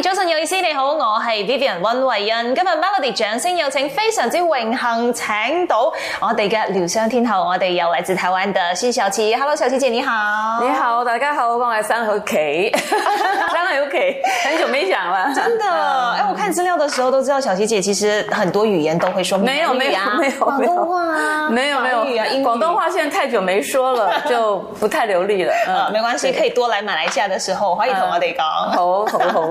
早晨，有意思，你好，我是 Vivian 溫慧欣。今日 Melody 掌聲有請，非常之榮幸，請到我哋嘅療傷天后，我哋有來自台灣的辛曉琪。Hello，小琪姐，你好，你好，大家好，我係三和 K， 三和 U K，很久沒講啦，真的誒、uh, 欸，我看資料的時候都知道，小琪姐其實很多語言都會說，啊，沒有，沒有，沒有廣東話啊。啊沒有，沒有廣東話現在太久沒說了， 就不太流利了。嗯，uh, 沒關係，可以多來馬來西亞的時候，可以同我哋講，好好好